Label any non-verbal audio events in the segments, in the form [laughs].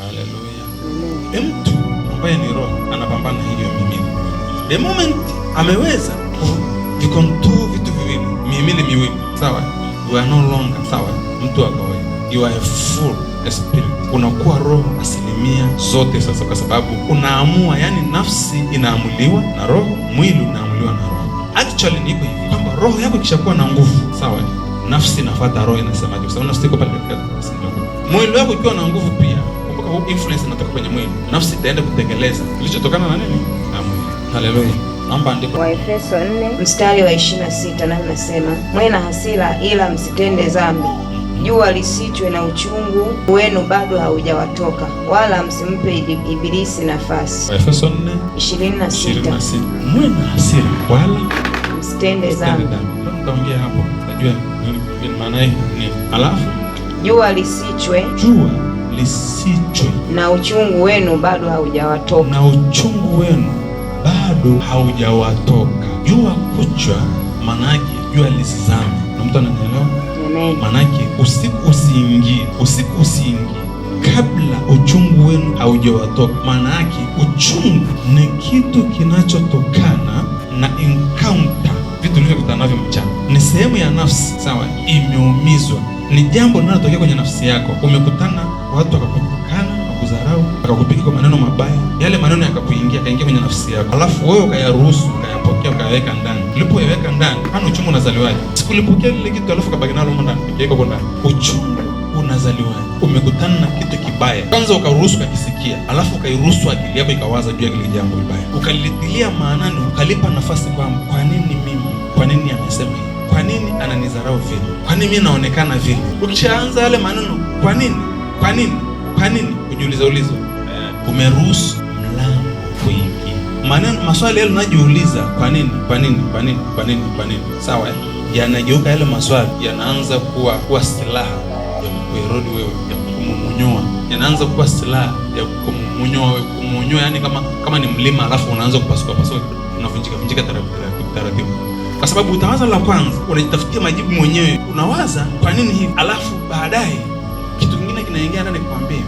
Haleluya. Mtu ambaye ni roho anapambana hiyo mimili. The moment ameweza vitu viwili, miwili, sawa? You are no longer, sawa? Mtu wa kawaida. You are a full spirit. Unakuwa roho asilimia zote sasa kwa sababu unaamua, yani nafsi inaamuliwa na roho, mwili unaamuliwa na roho. Actually ni hivi kwamba roho yako ikishakuwa na nguvu, sawa? Nafsi inafuata roho inasemaje? Kwa sababu nafsi iko pale katika mwili wako ukiwa na nguvu pia kumbuka, huu influence inatoka kwenye mwili, nafsi itaenda kutekeleza kilichotokana na nini na mwili. Haleluya. Waefeso 4 mstari wa 26 na mwe na hasira ila msitende dhambi, jua lisichwe na uchungu wenu bado haujawatoka, wala msimpe Ibilisi nafasi. Waefeso Mwe na hasira wala msitende dhambi. Tutaongea hapo, najua maana ni alafu jua lisichwe jua lisichwe, na uchungu wenu bado haujawatoka, na uchungu wenu bado haujawatoka. Jua kuchwa manake jua lisizame, na mtu ananielewa? Amen. Manake usiku usiingie, usiku usiingie kabla uchungu wenu haujawatoka. Maana yake uchungu ni kitu kinachotokana na encounter, vitu vilivyokutana navyo mchana. Ni sehemu ya nafsi, sawa, imeumizwa, ni jambo linalotokea kwenye nafsi yako, umekutana watu wakakukana, wakakudharau, wakakupiga kwa maneno mabaya, yale maneno yakakuingia, kaingia kwenye nafsi yako, alafu wewe ukayaruhusu, ukayapokea, ukayaweka ndani. Ulipoyaweka ndani, kana uchungu unazaliwaje? Sikulipokea lile kitu, alafu kabaki nalo ndani, kaweka kwa ndani. Uchungu unazaliwaje? Umekutana na kitu kibaya, kwanza ukaruhusu, ukakisikia, alafu ukairuhusu akili yako ikawaza juu ya kile jambo vibaya, ukalitilia maanani, ukalipa nafasi kwamba kwa nini mimi, kwa nini amesema hivi, kwa nini ananidharau vile, kwa nini mimi naonekana vile. Ukishaanza yale maneno, kwa nini kwa nini? Kwa nini kujiuliza ulizo. Eh, umeruhusu mlango kuingia. Maneno maswali yale unajiuliza, kwa nini? Kwa nini? Kwa nini? Kwa nini? Kwa nini? Sawa? Eh? Yanageuka yale maswali yanaanza kuwa kuwa silaha ya kuerodi wewe, ya kukumunyoa. Yanaanza kuwa silaha ya kukumunyoa wewe, kumunyoa yani kama kama ni mlima alafu unaanza kupasuka pasuka, unavunjika vunjika taratibu taratibu. Kwa sababu utawaza la kwanza unajitafutia majibu mwenyewe. Unawaza kwa nini hivi? Alafu baadaye kitu kingine naingia na nikwambie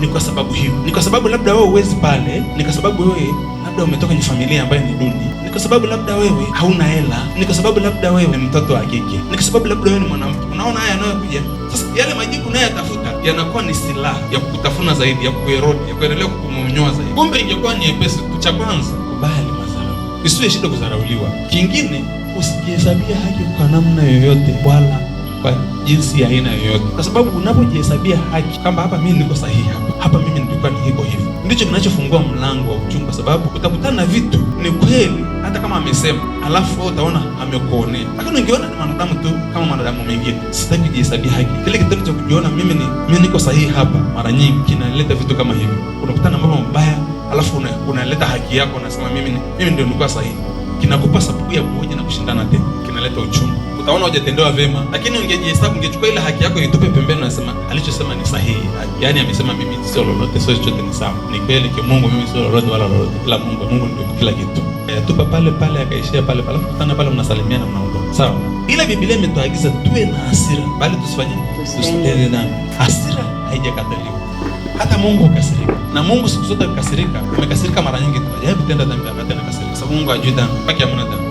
ni kwa sababu hiyo, ni kwa sababu labda wewe uwezi pale, ni kwa sababu wewe labda umetoka kwenye familia ambayo ni duni, ni kwa sababu labda wewe hauna hela, ni kwa sababu labda wewe ni mtoto wa kike, ni kwa sababu labda wewe ni mwanamke. Unaona haya yanayokuja sasa, yale majibu naye yatafuta yanakuwa ni silaha ya kukutafuna zaidi, ya kukuerodi, ya kuendelea kukumonyoa zaidi. Kumbe ingekuwa ni epesi tu. Cha kwanza, kubali madharau, isiwe shida kudharauliwa. Kingine, usijihesabia haki kwa namna yoyote wala kwa jinsi ya aina yoyote, kwa sababu unapojihesabia haki kwamba hapa mimi niko sahihi, hapa hapa mimi nilikuwa ni hiko hivi, ndicho kinachofungua mlango wa uchungu, kwa sababu utakutana na vitu ni kweli hata kama amesema, alafu utaona amekuonea, lakini ungeona ni mwanadamu tu kama mwanadamu mwingine. Sitaki kujihesabia haki. Kile kitendo cha kujiona mimi ni mimi niko sahihi hapa, mara nyingi kinaleta vitu kama hivi, unakutana na mambo mabaya, alafu unaleta una haki yako, unasema mimi mimi ndio nilikuwa sahihi kinakupa sababu ya kuoja na kushindana tena, kinaleta uchungu. Utaona hujatendewa vema, lakini ungejihesabu, ungechukua ile haki yako itupe pembeni, unasema alichosema ni sahihi, yaani amesema mimi sio lolote, sio chochote, ni sawa, ni kweli Mungu, mimi sio lolote wala lolote, ila Mungu, Mungu ndio kila kitu. Yatupa e, pale pale, akaishia pale pale, kutana pale, mnasalimiana, mnaondoka, sawa. Ile Biblia imetuagiza tuwe na hasira, bali tusifanye tusitende dhambi. Hasira haijakataliwa, hata Mungu ukasirika, na Mungu siku zote ukasirika, amekasirika mara nyingi tu, hajawahi kutenda dhambi akati anakasirika sababu Mungu ajui dhambi haki ya mwanadamu.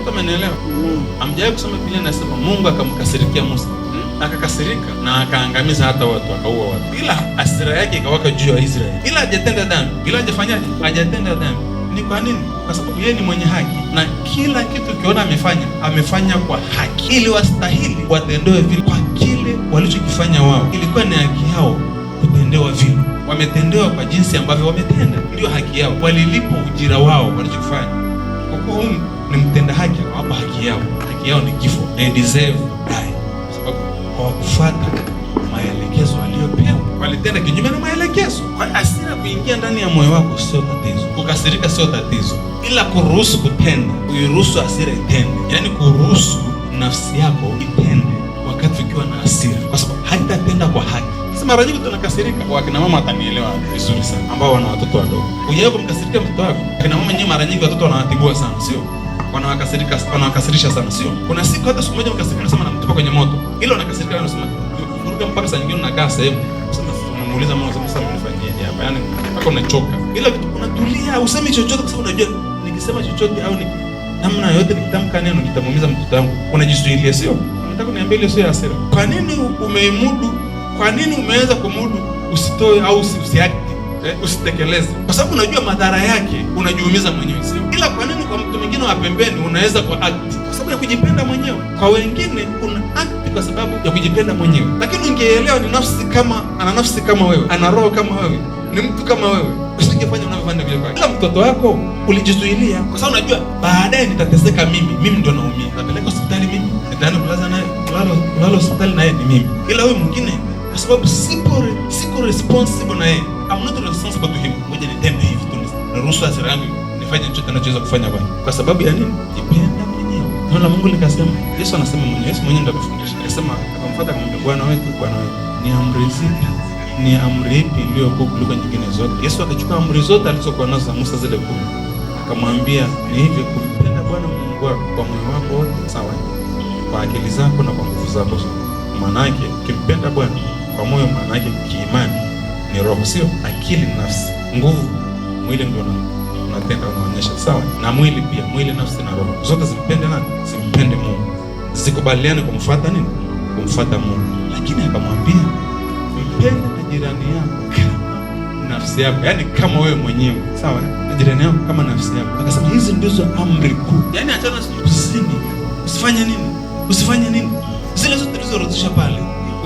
Mtu amenielewa? Mm. Amjaye kusoma Biblia nasema Mungu akamkasirikia Musa hmm? akakasirika na akaangamiza hata watu akaua watu, Bila asira yake ikawaka juu ya Israeli, ila hajatenda dhambi, Bila hajafanyaje? Hajatenda dhambi. Ni kwa nini? Kwa sababu yeye ni mwenye haki, na kila kitu kiona amefanya amefanya kwa haki, ili wastahili watendewe vile kwa kile walichokifanya wao. Ilikuwa ni haki yao kutendewa vile wametendewa kwa jinsi ambavyo wametenda, ndio haki yao, walilipo ujira wao walichofanya. Kwa kuwa huyu ni mtenda haki, hapa haki yao. Haki yao ni kifo, they deserve die, kwa sababu hawakufuata maelekezo aliyopewa, walitenda kinyume na maelekezo. Kwa hasira kuingia ndani ya moyo wako sio tatizo, kukasirika sio tatizo, ila kuruhusu kutenda, kuiruhusu hasira itende, yaani kuruhusu nafsi yako itende wakati ukiwa na hasira, kwa sababu haitatenda kwa haki sasa mara nyingi tunakasirika kwa kina mama, atanielewa vizuri sana, ambao wana watoto wadogo. Hujawahi kumkasirikia mtoto wako? Kina mama nyingi, mara nyingi watoto wanawatibua sana, sio? Wanawakasirika, wanawakasirisha sana, sio? Kuna siku hata siku moja mkasirika, nasema namtupa kwenye moto, ila unakasirika, unasema kuruka mpaka saa nyingine unakaa sehemu, unasema unamuuliza mama, sasa mnifanyeje hapa? Yani mpaka unachoka, ila unatulia, usemi chochote, kwa sababu unajua nikisema chochote au ni namna yote nikitamka neno nitamuumiza mtoto wangu. Unajizuilia, sio? Nataka kuniambia ile sio hasira. Kwa nini umeimudu kwa nini umeweza kumudu usitoe au usiakti eh, usitekeleze? Kwa sababu unajua madhara yake, unajiumiza mwenyewe. Ila kwa nini kwa mtu mwingine wa pembeni unaweza kwa act? Kwa sababu ya kujipenda mwenyewe. Kwa wengine una act kwa sababu ya kujipenda mwenyewe, lakini ungeelewa ni nafsi kama ana nafsi kama wewe, ana roho kama wewe, ni mtu kama wewe usingefanya unavyofanya vile kwake. Ila mtoto wako ulijizuilia, kwa sababu unajua baadaye nitateseka mimi, mimi ndio naumia, napeleka hospitali mimi, nitaenda kulaza naye kulala hospitali naye ni mimi, ila huyu mwingine kwa sababu sipo siko responsible na yeye, I'm not responsible to him. Ngoja nitende hivi tu, naruhusu hasira yangu nifanye chochote ninachoweza kufanya bwana, kwa sababu ya nini? Jipenda mwenyewe. Neno la Mungu nikasema, Yesu anasema mwenyewe, Yesu mwenyewe ndiye amefundisha, akasema, akamfuata akamwambia, Bwana wewe, Bwana wewe, ni amri zipi ni amri ipi iliyokuwa kuliko nyingine zote? Yesu akachukua amri zote alizokuwa nazo za Musa zile kumi, akamwambia ni hivi, kumpenda Bwana Mungu wako kwa moyo wako wote, sawa, kwa akili zako na kwa nguvu zako zote. Maana yake ukimpenda Bwana kwa moyo, maana yake kiimani ni roho, sio akili, nafsi, nguvu, mwili ndio unapenda unaonyesha, sawa na mwili pia, mwili, nafsi na roho zote zimpende nani? Zimpende Mungu, zikubaliane kumfuata nini? Kumfuata Mungu. Lakini akamwambia mpende na jirani yako nafsi yako, yani kama wewe mwenyewe, sawa na jirani yako kama nafsi yako. Akasema hizi ndizo amri kuu, yani achana usini, usifanye nini, usifanye nini, zile zote tulizoorodhesha pale,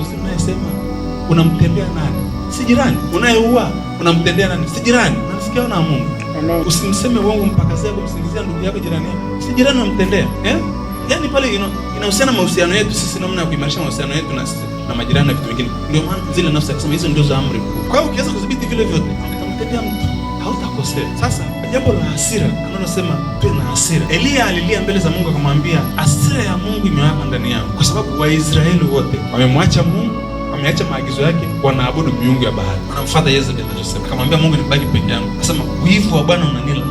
zinasema unamtendea nani? Si jirani. Unayeua unamtendea nani? Si jirani. Unasikia na Mungu. Amen. Usimseme uongo sasa kumsingizia ndugu yako jirani yako. Si jirani unamtendea. Eh? Yaani pale inahusiana mahusiano yetu sisi, namna ya kuimarisha mahusiano yetu na sisi na majirani na vitu vingine. Ndio maana zile nafsi akisema hizo ndio za amri. Kwa hiyo ukiweza kudhibiti vile vyote, utamtendea mtu hautakosea. Sasa jambo la hasira anasema tuwe na hasira. Elia alilia mbele za Mungu akamwambia, hasira ya Mungu imewaka ndani yao kwa sababu Waisraeli wote wamemwacha Mungu ameacha maagizo yake, wanaabudu miungu ya bahari, wanamfuata Yezebeli anachosema. Akamwambia Mungu, nibaki peke yangu. Anasema wivu wa Bwana unanila.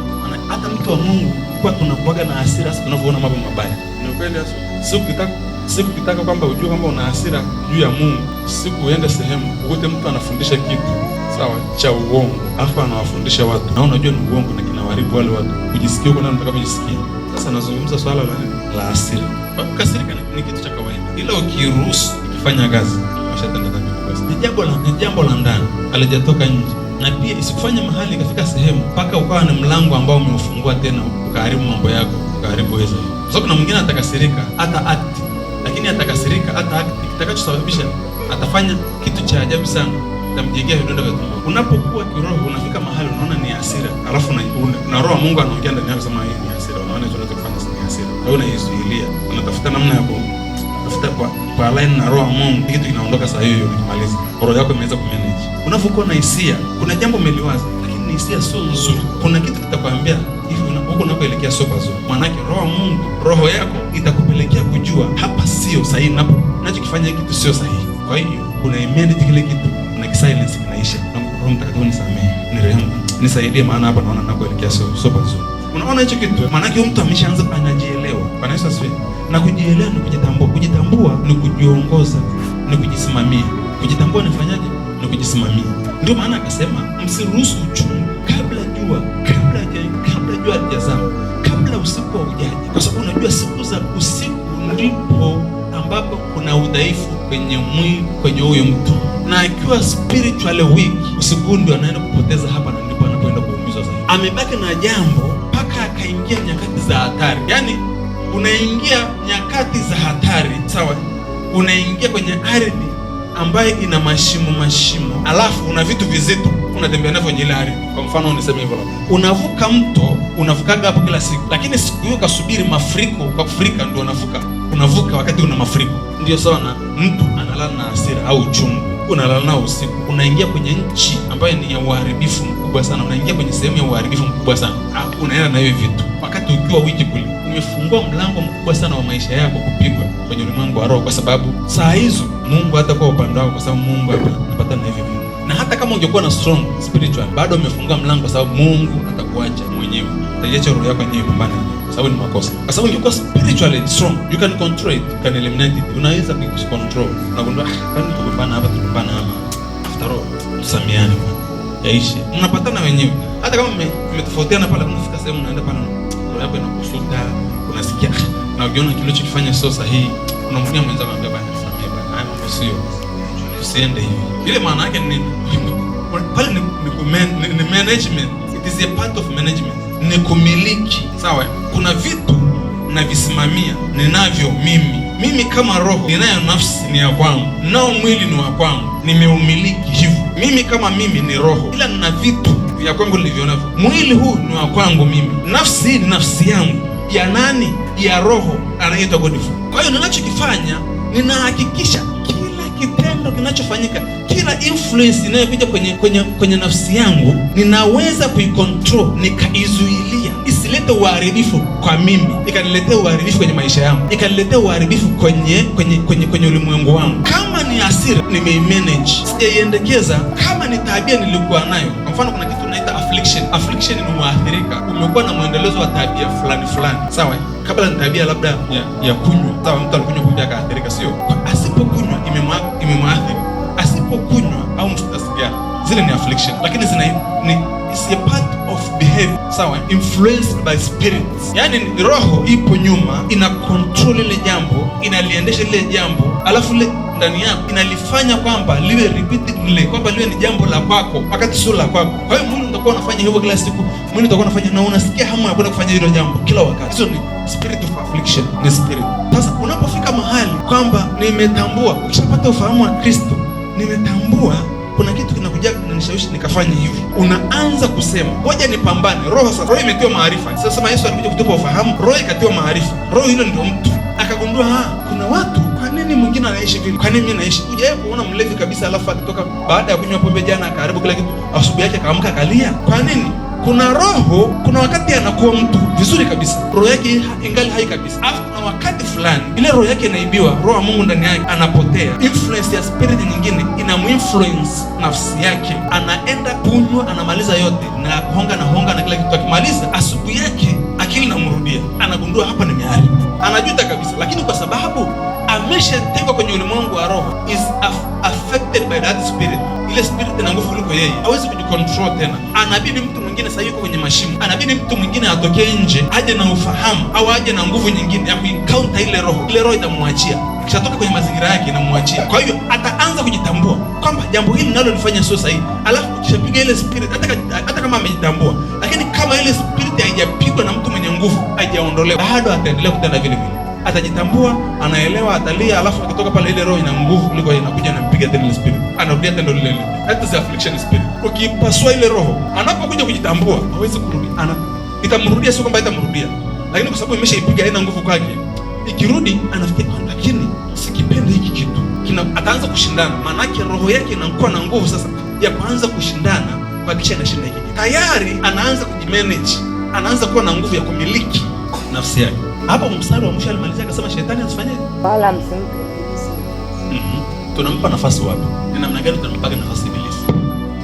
Hata mtu wa Mungu kuwa tunakuaga na hasira, sasa tunavyoona mambo mabaya. Ni kweli hasa. Siku kitaka siku kitaka kwamba ujue kwamba una hasira juu ya Mungu, siku uende sehemu ukute mtu anafundisha kitu sawa cha uongo, alafu anawafundisha watu na unajua ni uongo na kinawaribu wale watu, kujisikia huko nataka kujisikia. Sasa nazungumza swala la la hasira. Kukasirika ni kitu cha kawaida, ila ukiruhusu ikifanya kazi shetani dhambi kubwa. Ni jambo la ni jambo la ndani, alijatoka nje. Na pia isikufanye mahali ikafika sehemu mpaka ukawa na mlango ambao umeufungua tena ukaharibu mambo yako, ukaharibu hizo, Kwa sababu kuna mwingine atakasirika hata act, lakini atakasirika hata act kitakachosababisha atafanya kitu cha ajabu sana tamjengea vidonda vya tumbo. Unapokuwa kiroho unafika mahali unaona ni hasira, alafu na na roho Mungu anaongea ndani yako, sema hii ni hasira. Unaona hicho unachofanya ni hasira. Wewe unaizuilia, unatafuta namna ya kushika kwa, kwa line na roho Mungu, kitu kinaondoka saa hiyo ukimaliza. Roho yako imeweza kumanage. Unapokuwa na hisia, kuna jambo umeliwaza, lakini ni hisia sio nzuri. Kuna kitu kitakwambia hivi huko unakoelekea sio pazuri. Maanake roho Mungu, roho yako itakupelekea kujua hapa sio sahihi, napo nachokifanya kitu sio sahihi. Kwa hiyo kuna imani kile kitu na silence kinaisha. Roho Mtakatifu nisamehe, nirehemu, nisaidie, maana hapa naona nakoelekea sio sio pazuri. Unaona hicho kitu, maanake mtu ameshaanza anajielewa. Bwana Yesu asifiwe na kujielewa ni kujitambua. Kujitambua ni kujiongoza, ni kujisimamia. Kujitambua nifanyaje? Ni kujisimamia. Ndio maana akasema msiruhusu uchungu kabla jua kabla kabla jua halijazama, kabla usiku ujaji, kwa sababu unajua siku za usiku ndipo ambapo kuna udhaifu kwenye mwili kwenye huyu mtu, na akiwa spiritually weak, usiku ndio anaenda kupoteza hapa, na ndipo anapoenda kuumizwa zaidi. Amebaki na jambo mpaka akaingia nyakati za hatari, yani unaingia nyakati za hatari, sawa? Unaingia kwenye ardhi ambayo ina mashimo mashimo, alafu una vitu vizito unatembea navyo kwenye ile ardhi. Kwa mfano niseme hivyo, unavuka mto, unavukaga hapo kila siku, lakini siku hiyo kasubiri mafuriko, kwa kufurika ndio unavuka. Unavuka wakati una mafuriko, ndio sawa na mtu analala na hasira au uchungu unalala nao usiku, unaingia kwenye nchi ambayo ni ya uharibifu mkubwa sana, unaingia kwenye sehemu ya uharibifu mkubwa sana, ah, unaenda na hiyo vitu wakati ukiwa wiki kuli umefungua mlango mkubwa sana wa maisha yako kupigwa kwenye ulimwengu wa roho, kwa sababu saa hizo Mungu hata kwa upande wako, kwa sababu Mungu atapata na hivyo vitu. Na hata kama ungekuwa na strong spiritual, bado umefungua mlango, kwa sababu Mungu atakuacha mwenyewe, atajiacha roho yako yenyewe pambana, kwa sababu ni makosa. Kwa sababu ungekuwa spiritually strong, you can control it, you can eliminate it, unaweza kucontrol na kundwa, ah, kwani tukupana hapa, tukupana hapa, after all tusamiane, yaishe, mnapatana wenyewe, hata kama mmetofautiana pale, mnafika sehemu, unaenda pale labda inakusuda, unasikia na ujiona kile unachofanya sio sahihi, unamfunia mwenzako, anambia bana, samehe bana, haya mambo sio, usiende hivi. Ile maana yake ni pale ni, ni, ni management, it is a part of management, ni kumiliki. Sawa, kuna vitu ninavisimamia, ninavyo mimi. Mimi kama roho ninayo, nafsi ni ya kwangu, nao mwili ni wa kwangu, nimeumiliki hivyo. Mimi kama mimi ni roho, ila nina vitu vya kwangu navyo. Mwili huu ni wa kwangu mimi, nafsi hii ni nafsi yangu, ya nani? Ya roho, anaitwa Godfrey. Kwa hiyo ninachokifanya ninahakikisha kila kitendo Kitendo kinachofanyika, kila influence inayokuja kwenye, kwenye, kwenye nafsi yangu ninaweza kuikontrol, nikaizuilia isilete uharibifu kwa mimi, ikaniletea uharibifu kwenye maisha yangu, ikaniletea uharibifu kwenye, kwenye, kwenye, kwenye ulimwengu wangu. Kama ni hasira nimeimanage, sijaiendekeza. Kama ni tabia nilikuwa nayo, kwa mfano kuna kitu naita affliction. Affliction ni muathirika, umekuwa na mwendelezo wa tabia fulani fulani, sawa. Kabla ni tabia labda ya, ya kunywa, sawa. Mtu alikunywa pombe akaathirika, sio asipokunywa imemwathiri, asipokunywa au mtu asigara, zile ni affliction, lakini zina ni is a part of behavior, sawa, influenced by spirits. Yani roho ipo nyuma, ina control ile jambo, inaliendesha ile jambo, alafu ile ndani yako inalifanya kwamba liwe repeated ile kwamba liwe ni jambo la kwako, wakati sio la kwako. Kwa hiyo mwili utakuwa unafanya hivyo kila siku, mwili utakuwa unafanya na unasikia hamu ya kwenda kufanya hilo jambo kila wakati. Hizo ni spirit of affliction, ni spirit. Sasa unapofika mahali kwamba nimetambua. Ukishapata ufahamu wa Kristo, nimetambua kuna kitu kinakuja kinanishawishi nikafanya hivi, unaanza kusema ngoja nipambane. Roho sasa, roho imetiwa maarifa. Sasa sema Yesu alikuja kutupa ufahamu, roho ikatiwa maarifa. Roho hilo ndio mtu akagundua, ah, kuna watu mwingine anaishi vile, kwa nini mimi naishi? Hujawahi kuona mlevi kabisa alafu akitoka baada ya kunywa pombe jana akaharibu kila kitu, asubuhi yake akaamka akalia? Kwa nini? Kuna roho, kuna wakati anakuwa mtu vizuri kabisa, roho yake ingali hai kabisa wakati fulani ile roho yake inaibiwa, roho ya Mungu ndani yake anapotea, influence ya spirit nyingine inamuinfluence nafsi yake, anaenda kunywa, anamaliza yote na honga na honga na kila kitu. Akimaliza asubuhi yake akili namrudia, anagundua hapa nimeharibu, anajuta kabisa, lakini kwa sababu ameshatengwa kwenye ulimwengu wa roho, is affected by that spirit ile spirit ina nguvu kuliko yeye, hawezi kujikontrol tena. Anabidi mtu mwingine sasa yuko kwenye mashimo, anabidi mtu mwingine atokee nje, aje na ufahamu au aje na nguvu nyingine ya kuencounter ile roho. Ile roho itamwachia kishatoka kwenye mazingira yake, inamwachia. Kwa hiyo ataanza kujitambua kwamba jambo hili nalolifanya sio sahihi, alafu kishapiga ile spirit, hata hata kama amejitambua, lakini kama ile spirit haijapigwa na mtu mwenye nguvu, haijaondolewa, bado ataendelea kutenda vile vile atajitambua, anaelewa, atalia, alafu akitoka pale ile roho ina nguvu kuliko inakuja inampiga tena ile spirit. Anarudia tendo lile lile. That is affliction spirit. Ukipasua ile roho, anapokuja kujitambua, hawezi kurudi. Ana itamrudia, sio kwamba itamrudia. Lakini kwa sababu imeshaipiga haina nguvu kwake. Ikirudi anafikia ah, lakini sikipendi hiki kitu. Kina, ataanza kushindana. Maana yake roho yake inakuwa na nguvu sasa ya kuanza kushindana kuhakikisha anashinda hiki. Tayari anaanza kujimanage. Anaanza kuwa na nguvu ya kumiliki nafsi yake hapo mstari wa mwisho alimalizia akasema, shetani asifanye bala msimpe Ibilisi. mm -hmm. Tunampa nafasi wapi? Ni namna gani tunampaga nafasi Ibilisi?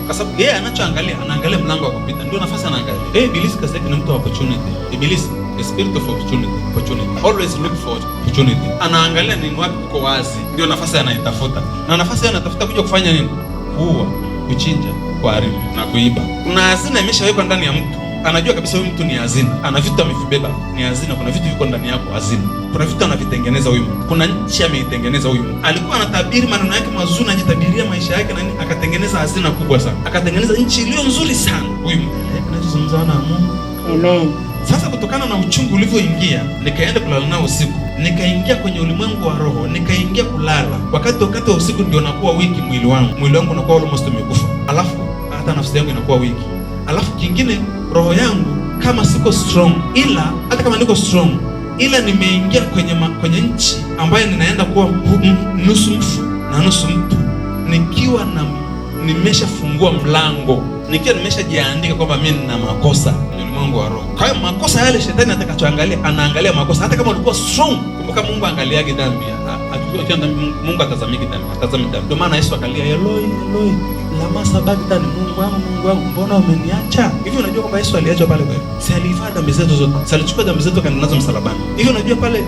Kwa sababu yeye anachoangalia, anaangalia mlango wa kupita, ndio nafasi anaangalia. Hey, Ibilisi kazi kuna mtu wa opportunity. Ibilisi the spirit of opportunity, opportunity. Always look for opportunity. Anaangalia nini, wapi uko wazi, ndio nafasi anaitafuta, na nafasi anatafuta kuja kufanya nini? Kuua, kuchinja, kuharibu na kuiba. Kuna hasina imeshawekwa ndani ya mtu anajua kabisa huyu mtu ni hazina, ana vitu amevibeba, ni hazina. Kuna vitu viko ndani yako, hazina. Kuna vitu anavitengeneza huyu mtu, kuna nchi ameitengeneza huyu mtu. Alikuwa anatabiri maneno yake mazuri, anajitabiria maisha yake na nini, akatengeneza hazina kubwa sana, akatengeneza nchi iliyo nzuri sana huyu mtu. Anazungumza eh, na Mungu, amen. Sasa kutokana na uchungu ulivyoingia, nikaenda kulala nao usiku, nikaingia kwenye ulimwengu wa roho, nikaingia kulala. Wakati wakati wa usiku ndio nakuwa wiki, mwili wangu mwili wangu unakuwa almost umekufa, alafu hata nafsi yangu inakuwa wiki Alafu kingine, roho yangu kama siko strong, ila hata kama niko strong, ila nimeingia kwenye, ma, kwenye nchi ambayo ninaenda kuwa nusu mfu na nusu mtu, nikiwa na nimeshafungua mlango, nikiwa nimeshajiandika kwamba mimi nina makosa Mungu wa roho. Kwa hiyo makosa yale shetani atakachoangalia, anaangalia makosa. Hata kama ulikuwa strong, kumbuka Mungu angaliage dhambi. Mungu atazamiki dhambi, atazami dhambi. Ndio maana Yesu akalia Eloi, Eloi lama sabakthani, Mungu wangu, Mungu wangu, mbona umeniacha? Hivi unajua kwamba Yesu aliachwa pale kweli? Si alifaa dhambi zetu zote, si alichukua dhambi zetu akaenda nazo msalabani? Hivi unajua pale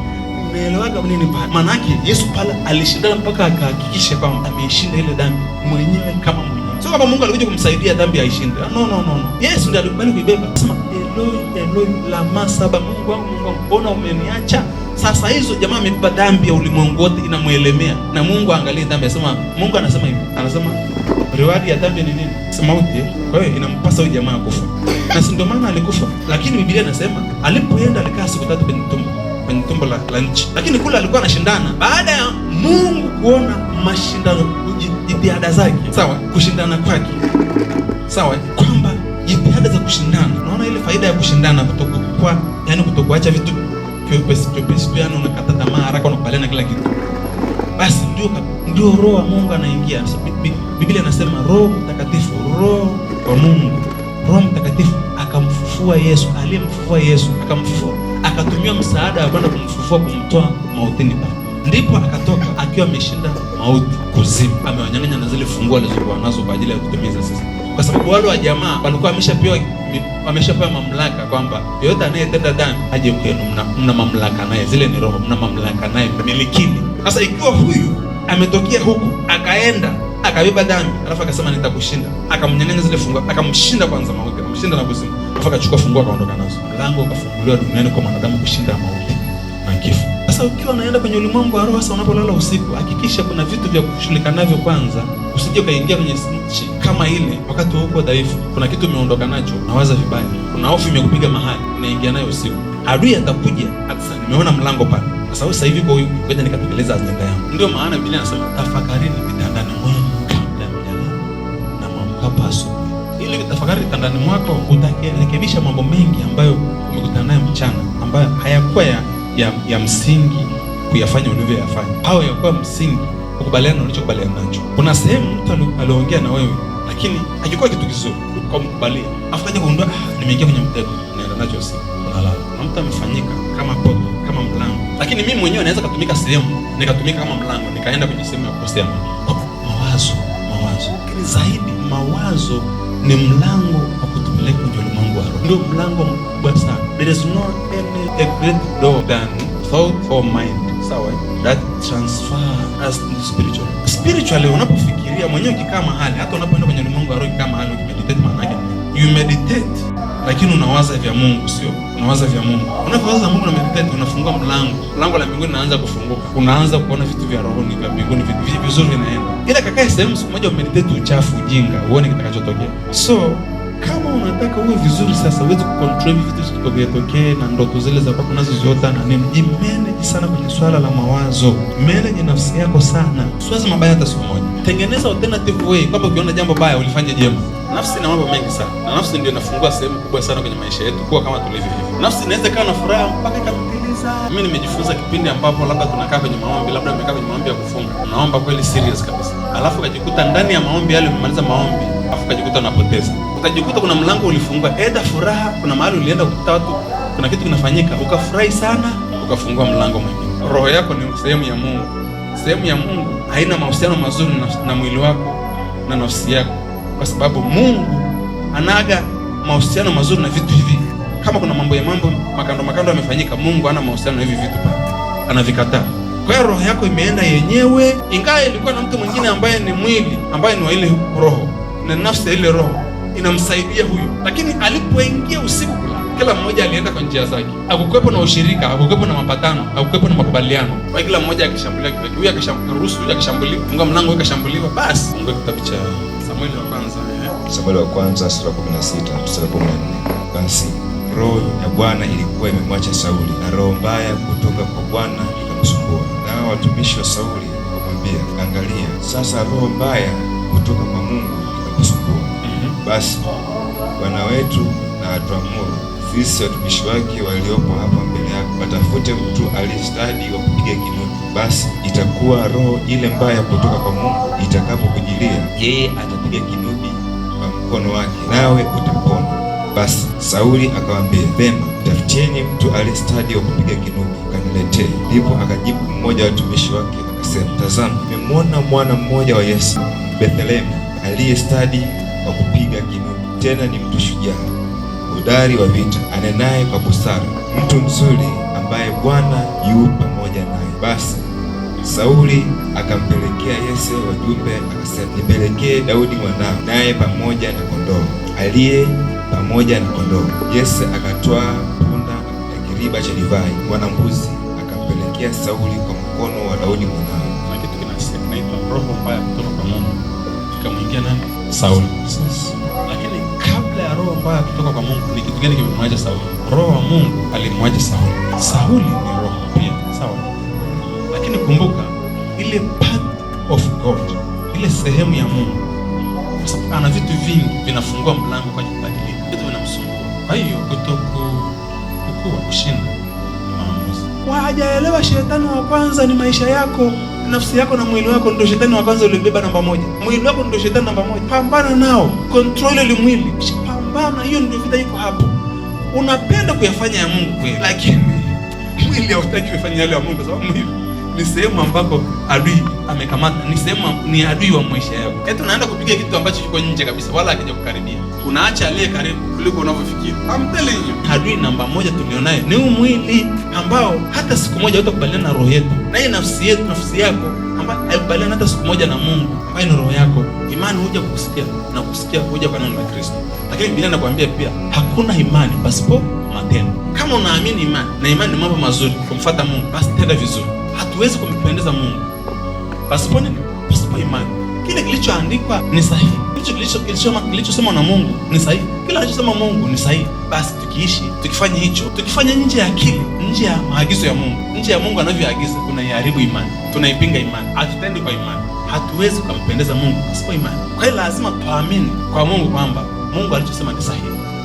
[laughs] umeelewaka nini pale? Maana yake Yesu pale alishindana mpaka akahakikisha kwamba ameishinda ile dhambi mwenyewe kama mwenyewe, sio kama Mungu alikuja kumsaidia dhambi aishinde. No, no, no, no. Yesu ndiye alikubali kuibeba, sema Eloi, Eloi lama sabakthani, Mungu wangu, Mungu wangu, mbona umeniacha? Sasa hizo jamaa amebeba dhambi ya ulimwengu wote inamwelemea, na Mungu angalie dhambi, anasema Mungu anasema hivi, anasema rewadi ya dhambi ni nini? Mauti. Kwa hiyo inampasa huyo jamaa kufa, na si ndio maana alikufa. Lakini Biblia inasema alipoenda alikaa siku tatu kwenye tumbo kwenye tumbo la, la nchi, lakini kule alikuwa anashindana. Baada ya Mungu kuona mashindano, jitihada zake, sawa, kushindana kwake, sawa, kwamba jitihada za kushindana, naona ile faida ya kushindana, kutokuwa yani, kutokuacha vitu kiupesiupesiana unakata tamaa haraka, unakubaliana kila kitu, basi ndio ndio roho wa Mungu anaingia. Biblia inasema Roho Mtakatifu, roho wa Mungu, Roho Mtakatifu akamfufua Yesu, aliyemfufua Yesu akamfufua, akatumia msaada wa kwenda kumfufua, kumtoa mautini baba ndipo akatoka akiwa ameshinda mauti, kuzimu, amewanyang'anya na zile funguo alizokuwa nazo kwa ajili ya kutumiza sisi, kwa sababu wale wa jamaa walikuwa wameshapewa ameshapewa mamlaka kwamba yeyote anayetenda dhambi aje kwenu, mna, mna mamlaka naye, zile ni roho, mna mamlaka naye, milikini. Sasa ikiwa huyu ametokea huku akaenda akabeba dhambi, alafu akasema nitakushinda, akamnyang'anya zile funguo, akamshinda kwanza mauti, akamshinda na kuzimu, alafu akachukua funguo akaondoka nazo, mlango ukafunguliwa duniani kwa mwanadamu kushinda mauti na kifo. Sasa ukiwa unaenda kwenye ulimwengu wa roho, sasa unapolala usiku, hakikisha kuna vitu vya kushughulikanavyo kwanza, usije ukaingia kwenye nchi kama ile wakati uko dhaifu, kuna kitu umeondoka nacho, unawaza vibaya, kuna hofu imekupiga mahali, unaingia nayo usiku. Adui atakuja hasa, nimeona mlango pale, kwa sababu sasa hivi kwa ngoja nikatekeleza ajenda yangu. Ndio maana Biblia inasema tafakarini vitandani mwenu kabla ya mjalala na mwamkapo asubuhi, ili tafakari vitandani mwako utarekebisha mambo mengi ambayo umekutana nayo mchana, ambayo hayakuwa ya, ya, ya msingi kuyafanya ulivyoyafanya, au yakuwa msingi kukubaliana ulichokubaliana nacho. Kuna sehemu mtu aliongea na wewe lakini akikuwa kitu kizuri ukamkubalia, afu kaja kugundua ah, nimeingia kwenye mtego, naenda nacho si unalala na mtu amefanyika kama poto kama mlango, lakini mimi mwenyewe naweza katumika sehemu nikatumika kama mlango nikaenda kwenye sehemu ya kukosea mawazo. Mawazo lakini zaidi, mawazo ni mlango wa kutupeleka kwenye ulimwengu wa roho, ndio mlango mkubwa sana. There is no any a great door than thought or mind, sawa, that transfer as to spiritual spiritually unapofikiria mwenyewe ukikaa mahali, hata unapoenda kwenye ulimwengu wa roho kama mahali ukimeditate, maana yake you meditate, lakini unawaza vya Mungu, sio unawaza vya Mungu. Unapowaza Mungu na meditate, unafungua mlango, mlango la mbinguni unaanza kufunguka, unaanza kuona vitu vya roho ni vya mbinguni, vitu vizuri vinaenda. Ila kakae sehemu moja umeditate uchafu, ujinga, uone kitakachotokea so unataka uwe vizuri sasa, uweze kucontrol hivi vitu kwa vyatokee na ndoto zile za kwako unazoziota na nini. Jimeneji sana kwenye swala la mawazo, meneji nafsi yako sana, usiwaze mabaya hata siku moja. Tengeneza alternative way kwamba ukiona jambo baya ulifanye jema. Nafsi ina mambo mengi sana, na nafsi ndio inafungua sehemu kubwa sana kwenye maisha yetu kuwa kama tulivyo hivi. Nafsi inaweza kuwa na furaha mpaka ikatutiliza. Mimi nimejifunza kipindi ambapo labda tunakaa kwenye maombi, labda umekaa kwenye maombi ya kufunga, unaomba kweli serious kabisa, alafu ukajikuta ndani ya maombi yale umemaliza maombi afu ukajikuta unapoteza, ukajikuta kuna mlango ulifungua enda furaha, kuna mahali ulienda kutatu, kuna kitu kinafanyika, ukafurahi sana, ukafungua mlango mwingine. Roho yako ni sehemu ya Mungu. Sehemu ya Mungu haina mahusiano mazuri na mwili wako na nafsi yako, kwa sababu Mungu anaga mahusiano mazuri na vitu hivi. Kama kuna mambo ya mambo makando makando yamefanyika, Mungu hana mahusiano na hivi vitu pa, anavikataa. Kwa hiyo roho yako imeenda yenyewe, ingawa ilikuwa na mtu mwingine ambaye ni mwili, ambaye ni wa ile roho na nafsi ya ile roho inamsaidia huyu, lakini alipoingia usiku kila mmoja alienda kwa njia zake. akukwepo na ushirika, akukwepo na mapatano, akukwepo na makubaliano, kwa kila mmoja akishambulia kitu, huyu akishamruhusu, huyu akishambuliwa, funga mlango, huyu akashambuliwa. Basi fungue kitabu cha Samueli wa kwanza, eh, Samueli wa kwanza sura 16 mstari 14. Basi roho ya Bwana ilikuwa imemwacha Sauli, na roho mbaya kutoka kwa Bwana ikamsumbua. Nao watumishi wa Sauli wakamwambia, angalia, sasa roho mbaya kutoka kwa Mungu basi Bwana wetu na atuamuru sisi watumishi wake waliopo hapa mbele yako, watafute mtu aliyestadi wa kupiga kinubi. Basi itakuwa roho ile mbaya kutoka kwa Mungu itakapokujilia, yeye atapiga kinubi kwa mkono wake, nawe utapona. Basi Sauli akawaambia, vema, tafutieni mtu aliyestadi wa kupiga kinubi, kaniletee. Ndipo akajibu mmoja wa watumishi wake akasema, tazama, nimemwona mwana mmoja wa Yesu Bethlehemu aliyestadi kwa kupiga kinu, Tena ni mtu shujaa, hodari wa vita, anenaye kwa busara, mtu mzuri ambaye Bwana yu pamoja naye. Basi Sauli akampelekea Yese wajumbe, akasema, nipelekee Daudi mwanao, naye pamoja na kondoo, aliye pamoja na kondoo. Yese akatwaa punda na kiriba cha divai, mbuzi, akampelekea Sauli kwa mkono wa Daudi mwanao. Na kitu kinasema, roho mbaya kutoka kwa Mungu ikamwingia nani? Sauli. Lakini kabla ya roho mbaya kutoka kwa Mungu, ni kitu gani kimemwacha Sauli? Roho wa Mungu alimwacha Sauli. Sauli ni roho pia, sawa. Lakini kumbuka ile part of God, ile sehemu ya Mungu, kwa sababu ana vitu vingi vinafungua mlango kwa kubadilika, vitu vinamsumbua. Kwa hiyo kukua kushinda maamuzi. Wajaelewa shetani wa kwanza ni maisha yako nafsi yako na mwili wako ndio shetani wa kwanza uliobeba namba moja. Mwili wako ndio shetani namba moja. Pambana nao, kontrole ile mwili, pambana. Hiyo ndio vita iko hapo. Unapenda kuyafanya ya Mungu kweli, lakini mwili hautaki kufanya yale ya Mungu, sababu mwili ni sehemu ambako adui amekamata, ni sehemu ni adui wa maisha yako. Eti yaani unaenda kupiga kitu ambacho kiko nje kabisa, wala hakija kukaribia unaacha aliye karibu kuliko unavyofikiri. I'm telling you. Adui namba moja tulionayo ni mwili ambao hata siku moja hutakubaliana na roho yetu, na hii nafsi yetu, nafsi yako ambayo haikubaliana hata siku moja na Mungu ambaye ni roho yako. Imani huja kukusikia na kusikia huja kwa neno la Kristo, lakini Biblia inakwambia pia hakuna imani pasipo matendo. Kama unaamini imani na imani ni mambo mazuri kumfuata Mungu, basi tenda vizuri. Hatuwezi kumpendeza Mungu pasipo nini? Pasipo imani kile kilichoandikwa ni sahihi, kilichosemwa na Mungu ni sahihi, kile anachosema Mungu ni sahihi. Basi tukiishi tukifanya hicho, tukifanya nje ya kile, nje ya maagizo ya Mungu, nje ya Mungu anavyoagiza, tunaiharibu imani, tunaipinga imani, hatutendi kwa imani, hatuwezi kumpendeza Mungu pasipo imani. Kwa hiyo lazima tuamini kwa Mungu kwamba Mungu alichosema ni sahihi.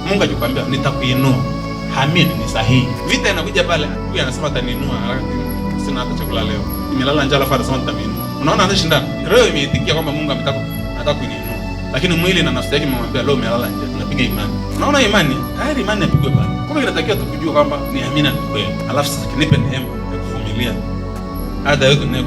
Mungu alikwambia nitakuinua, hamini ni sahihi. Vita inakuja pale, huyu anasema ataniinua, sina hata chakula leo, imelala njala, anasema nitakuinua Unaona shindano? Roho imeitikia kwamba Mungu ametaka anataka kuinua. Lakini mwili na nafsi yake imemwambia leo umelala nje. Tunapiga imani. Unaona imani? Tayari imani ipigwe bali. Kumbe inatakiwa tukujua kwamba ni amina ni kweli. Alafu sasa kinipe neema ya kuvumilia. Hata wewe kuna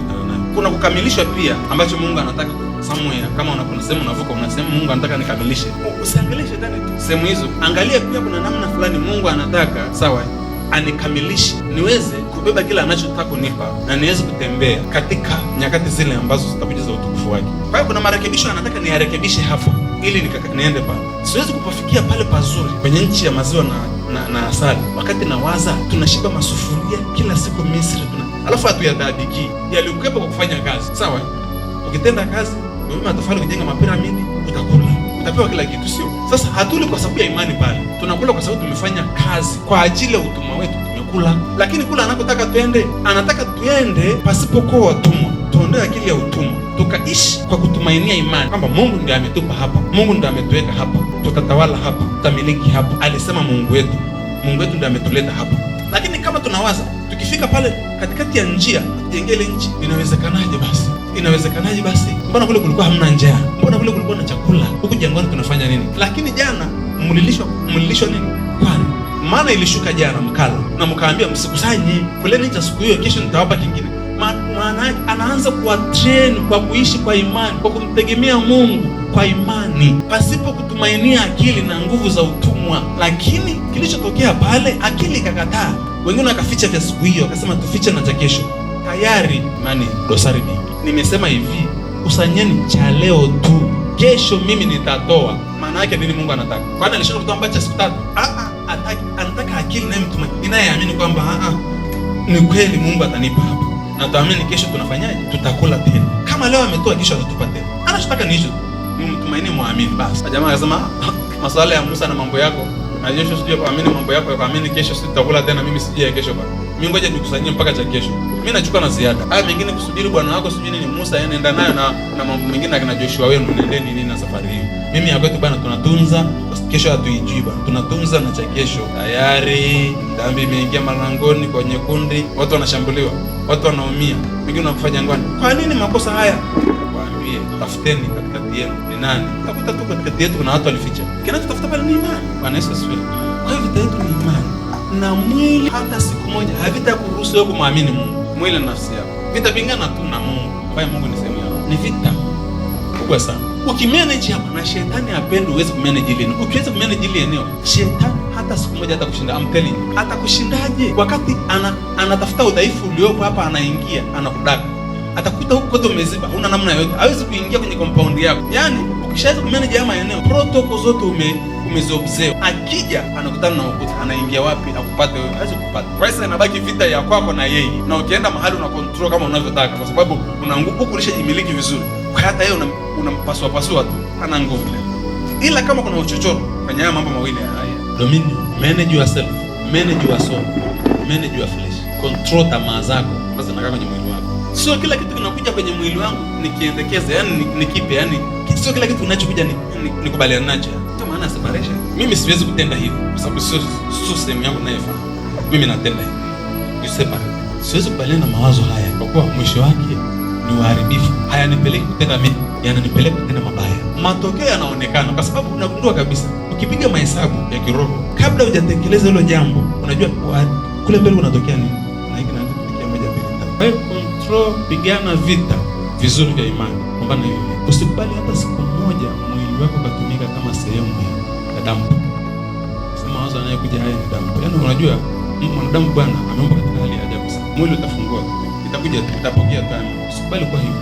kuna kukamilishwa pia ambacho Mungu anataka Samuel, kama unaponasema unavuka unasema Mungu anataka nikamilishe. Usiangalie tena tu. Sehemu hizo angalia pia kuna namna fulani Mungu anataka sawa anikamilishe niweze kubeba kila anachotaka kunipa na niweze kutembea katika nyakati zile ambazo zitakuja za utukufu wake. Kwa hiyo kuna marekebisho anataka niyarekebishe hapo ili niende pale. Siwezi kupafikia pale pazuri kwenye nchi ya maziwa na, na, na asali wakati nawaza tunashiba masufuria kila siku Misri tuna alafu hatuyadadiki yalikuwepo kwa kufanya kazi sawa. Ukitenda kazi umema tofali kujenga mapiramidi utakula utapewa kila kitu, sio? Sasa hatuli kwa sababu ya imani pale, tunakula kwa sababu tumefanya kazi kwa ajili ya utumwa wetu kula, lakini kula anakotaka tuende, anataka tuende pasipokuwa watumwa, tuondoe akili ya utumwa tukaishi kwa kutumainia imani kwamba Mungu ndiye ametupa hapa, Mungu ndiye ametuweka hapa, tutatawala hapa, tutamiliki hapa. Alisema Mungu wetu, Mungu wetu ndiye ametuleta hapa. Lakini kama tunawaza tukifika pale katikati ya njia tujengele nchi, inawezekanaje basi? Inawezekanaje basi? Mbona kule kulikuwa hamna njaa? Mbona kule kulikuwa na chakula? Huku jangwani tunafanya nini? Lakini jana mlilishwa, mlilishwa nini? Kwani maana ilishuka jana mkala na mkaambia msikusanyi, kuleni cha siku hiyo, kesho nitawapa kingine. Maana yake anaanza kuwatrain kwa kuishi kwa imani, kwa kumtegemea Mungu kwa imani, pasipo kutumainia akili na nguvu za utumwa. Lakini kilichotokea pale, akili ikakataa. Wengine wakaficha vya siku hiyo, akasema tufiche na cha kesho. Tayari imani dosari mingi. Nimesema hivi, kusanyeni cha leo tu, kesho mimi nitatoa. Maana yake nini? Mungu anataka kwani alishindwa kutoa mbacha siku tatu? Ah, ah, ataki nataka akili na mtu inayeamini kwamba ah, ah ni kweli Mungu atanipa hapa, na tuamini kesho tunafanyaje? Tutakula tena. Kama leo ametoa, kesho atatupa tena. Anachotaka ni hicho, mtumaini, muamini. Basi jamaa akasema, ah, ah, masuala ya Musa na mambo yako na Yesu, sijui kuamini mambo yako ya kuamini kesho, si tutakula tena, mimi sije kesho bwana, mimi ngoja nikusanyie mpaka cha kesho, mimi nachukua na ziada. Haya mengine kusubiri bwana wako sijui nini, Musa yeye anaenda nayo na na mambo mengine akina Joshua wenu, nendeni nini na safari hii, mimi ya kwetu bwana tunatunza kesho hatuijiba, tunatunza na cha kesho. Tayari dhambi imeingia malangoni kwenye kundi, watu wanashambuliwa, watu wanaumia, wengine wanakufa ngwani. Kwa nini makosa haya? Waambie, tafuteni katikati yenu ni nani. Takuta tu katikati yetu kuna watu walificha. Kinachotafuta pale ni imani. Bwana Yesu asifiwe. Kwa hiyo vita yetu ni imani na mwili, hata siku moja havitakuruhusu wewe kumwamini Mungu, mwili na nafsi yako vitapingana tu na Mungu ambaye Mungu ni sehemu yao. Ni vita kubwa sana. Ukimanage hapa na shetani hapendi uweze kumanage ile eneo. Ukiweza kumanage ile eneo, shetani hata siku moja hata kushinda. I'm telling you. Atakushindaje? Wakati ana, anatafuta udhaifu uliopo hapa anaingia, anakudaka. Atakuta huko kote umeziba, una namna yoyote. Hawezi kuingia kwenye compound yako. Yaani ukishaweza kumanage haya maeneo, protocol zote ume umeziobserve. Akija anakutana na ukuta, anaingia wapi? Akupate wewe, hawezi kupata. Sasa inabaki vita ya kwako na yeye. Na ukienda mahali una control kama unavyotaka kwa sababu una nguvu kulisha jimiliki vizuri kwa hata yeye unampasua pasua tu, hana nguvu ile. Ila kama kuna uchochoro kwenye haya mambo mawili haya, dominion, manage yourself, manage your soul, manage your flesh, control tamaa zako ambazo zinakaa kwenye mwili wako. Sio kila kitu kinakuja kwenye mwili wangu nikiendekeza, yani nikipe, yani sio kila kitu kinachokuja nikubaliana ni, ni nacho. Ndio maana separation, mimi siwezi kutenda hivyo kwa sababu sio sio sehemu yangu nayefanya mimi, natenda hivyo you separate. Siwezi kubaliana na mawazo haya kwa kuwa mwisho wake ni uharibifu, hayanipeleki kutenda mema, yananipeleka kutenda mabaya. Matokeo yanaonekana kwa sababu unagundua kabisa, ukipiga mahesabu ya kiroho kabla hujatekeleza hilo jambo, unajua kule mbele unatokea nini. Kwa control, pigana vita vizuri vya imani, pambana hivi. Usikubali hata siku moja mwili wako ukatumika kama sehemu ya dampo. Sema wazo anayekuja haya ni dampo. Yaani unajua mwanadamu Bwana ameumba katika hali ya ajabu sana. Mwili utafungua utakuja utapokea kama. Usikubali kwa hivyo.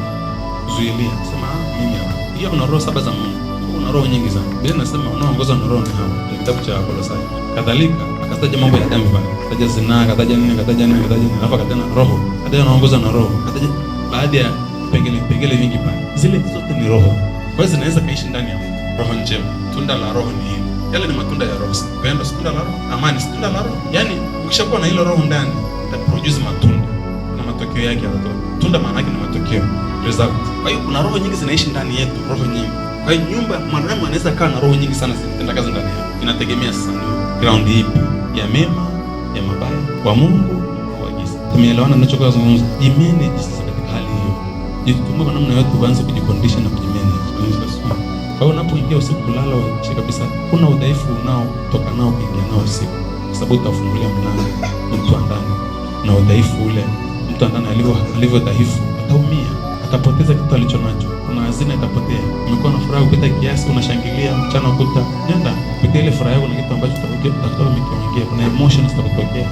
Zuilia. Sema ah, mimi hapa. Hiyo kuna roho saba za Mungu. Kuna roho nyingi sana. Biblia inasema unaoongozwa na roho ni hawa. Kitabu cha Kolosai. Kadhalika akataja mambo ya damu pale. Akataja zinaa, akataja nini, akataja nini, akataja nini. Alafu akataja na roho. Akataja unaongozwa na roho. Akataja baadhi ya pengele pengele vingi pale. Zile zote ni roho. Kwa hiyo zinaweza kaishi ndani ya roho njema. Tunda la roho ni hili. Yale ni matunda ya roho. Pendo si tunda la roho, amani si tunda la roho. Yani ukishakuwa na hilo roho ndani, utaproduce matunda matokeo yake yatatoka. Tunda maana yake ni matokeo, result. Kwa hiyo kuna roho nyingi zinaishi ndani yetu, roho nyingi. Kwa hiyo nyumba, mwanadamu anaweza kaa na roho nyingi sana zinatenda kazi ndani yake. Inategemea sasa ni ground ipi ya mema, ya mabaya, kwa Mungu au wa giza. Tumeelewana ninachokuwa nazungumza. Jimanage sasa katika hali hiyo. Jikumbuka namna yote uanze kujicondition na kujimanage. Kwa hiyo unapoingia usiku kulala, uhakikishe kabisa kuna udhaifu unao toka nao kuingia nao usiku, kwa sababu utafungulia mlango mtu ndani na udhaifu ule mtu alivyo dhaifu, ataumia, atapoteza kitu alicho nacho, kuna hazina itapotea. Umekuwa na furaha kupita kiasi, unashangilia mchana kuta, nenda pitia ile furaha yako na kitu ambacho utakuta umekiongea, kuna emotions zitakutokea.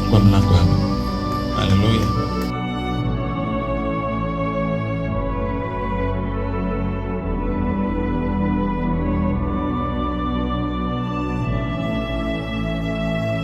Fungua mlango hapo. Haleluya.